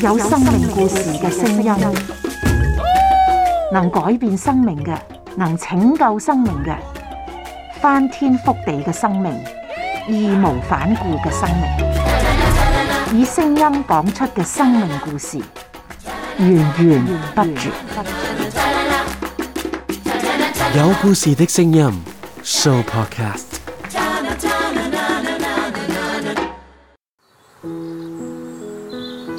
有生命故事嘅聲音，能改變生命嘅，能拯救生命嘅，翻天覆地嘅生命，義無反顧嘅生命，以聲音講出嘅生命故事，源源不絕。有故事嘅聲音，Show Podcast。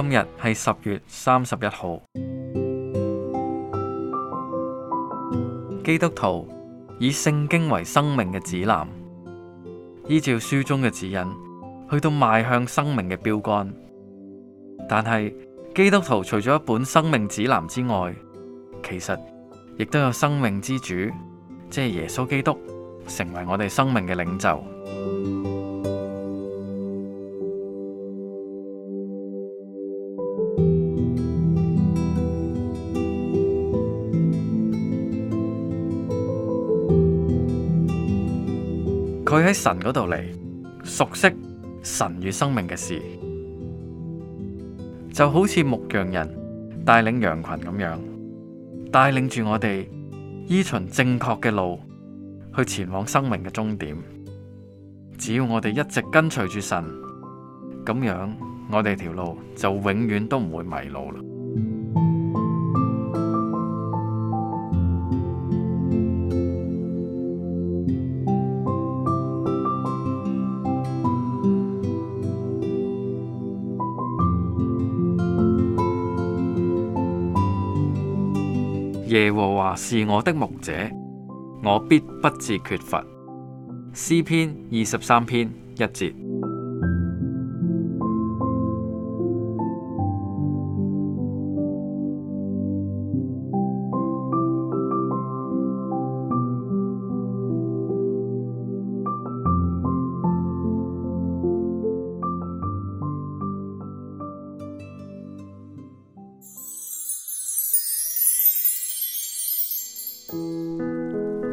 今日係十月三十一號。基督徒以聖經為生命嘅指南，依照書中嘅指引，去到邁向生命嘅標杆。但係基督徒除咗一本生命指南之外，其實亦都有生命之主，即係耶穌基督，成為我哋生命嘅領袖。佢喺神嗰度嚟，熟悉神與生命嘅事，就好似牧羊人帶領羊群咁樣，帶領住我哋依循正確嘅路去前往生命嘅終點。只要我哋一直跟隨住神，咁樣我哋條路就永遠都唔會迷路啦。耶和華是我的牧者，我必不至缺乏。詩篇二十三篇一節。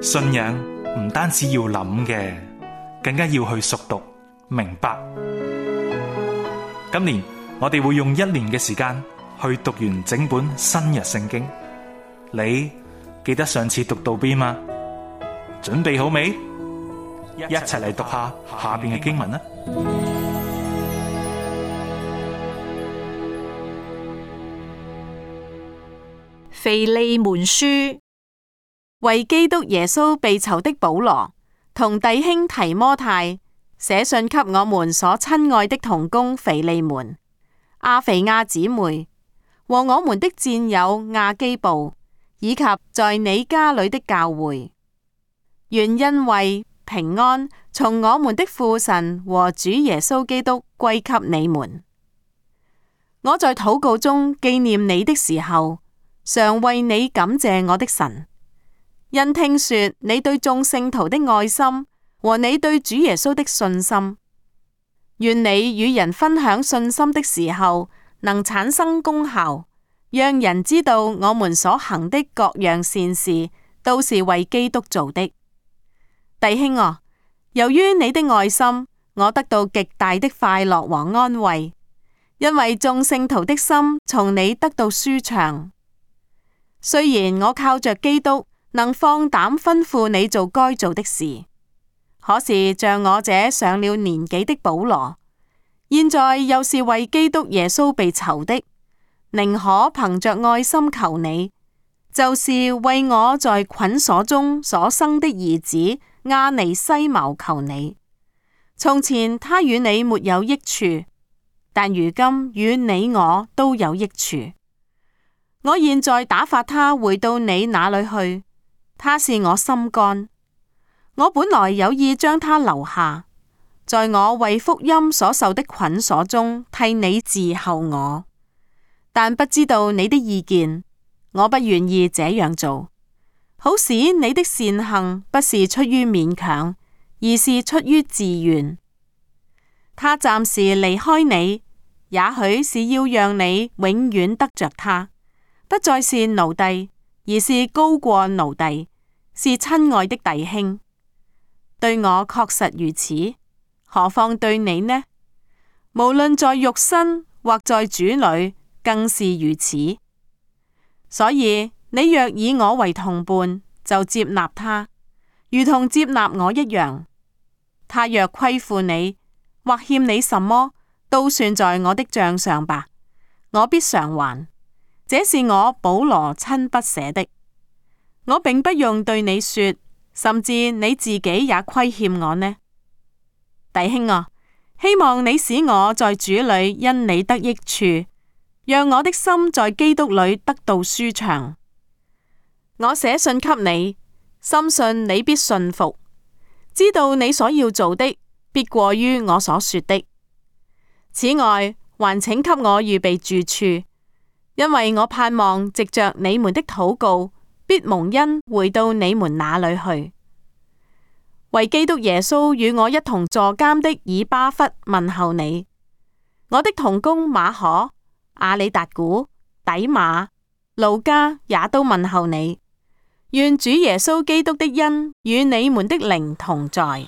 信仰唔單止要諗嘅，更加要去熟讀明白。今年我哋會用一年嘅時間去讀完整本新約聖經。你記得上次讀到邊嗎？準備好未？一齊嚟讀下下面嘅經文啦。腓利門書。為基督耶穌被囚的保羅同弟兄提摩太寫信給我們所親愛的同工腓利門、阿肥亞姊妹和我們的戰友亞基布，以及在你家裏的教會，願恩惠、平安從我們的父神和主耶穌基督歸給你們。我在禱告中紀念你的時候，常為你感謝我的神。因聽說你對眾聖徒的愛心和你對主耶穌的信心，願你與人分享信心的時候，能產生功效，讓人知道我們所行的各樣善事都是為基督做的。弟兄啊，由於你的愛心，我得到極大的快樂和安慰，因為眾聖徒的心從你得到舒暢。雖然我靠着基督。能放膽吩咐你做該做的事，可是像我這上了年紀的保羅，現在又是為基督耶穌被囚的，寧可憑着愛心求你，就是為我在捆鎖中所生的兒子阿尼西謀求你。從前他與你沒有益處，但如今與你我都有益處。我現在打發他回到你那裏去。他是我心肝，我本來有意將他留下，在我為福音所受的捆鎖中替你侍候我，但不知道你的意見，我不願意這樣做。好使你的善行不是出於勉強，而是出於自願。他暫時離開你，也許是要讓你永遠得着他，不再是奴隸。而是高過奴隸，是親愛的弟兄，對我確實如此，何況對你呢？無論在肉身或在主裏，更是如此。所以你若以我為同伴，就接納他，如同接納我一樣。他若虧負你或欠你什麼，都算在我的賬上吧，我必償還。這是我保羅親筆寫的，我並不用對你說，甚至你自己也虧欠我呢，弟兄啊，希望你使我在主裏因你得益處，讓我的心在基督裏得到舒暢。我寫信給你，深信你必信服，知道你所要做的，必過於我所說的。此外，還請給我預備住處。因為我盼望藉着你們的禱告，必蒙恩回到你們那裏去。為基督耶穌與我一同坐監的以巴弗問候你，我的同工馬可、阿里達古、底馬、路加也都問候你。願主耶穌基督的恩與你們的靈同在。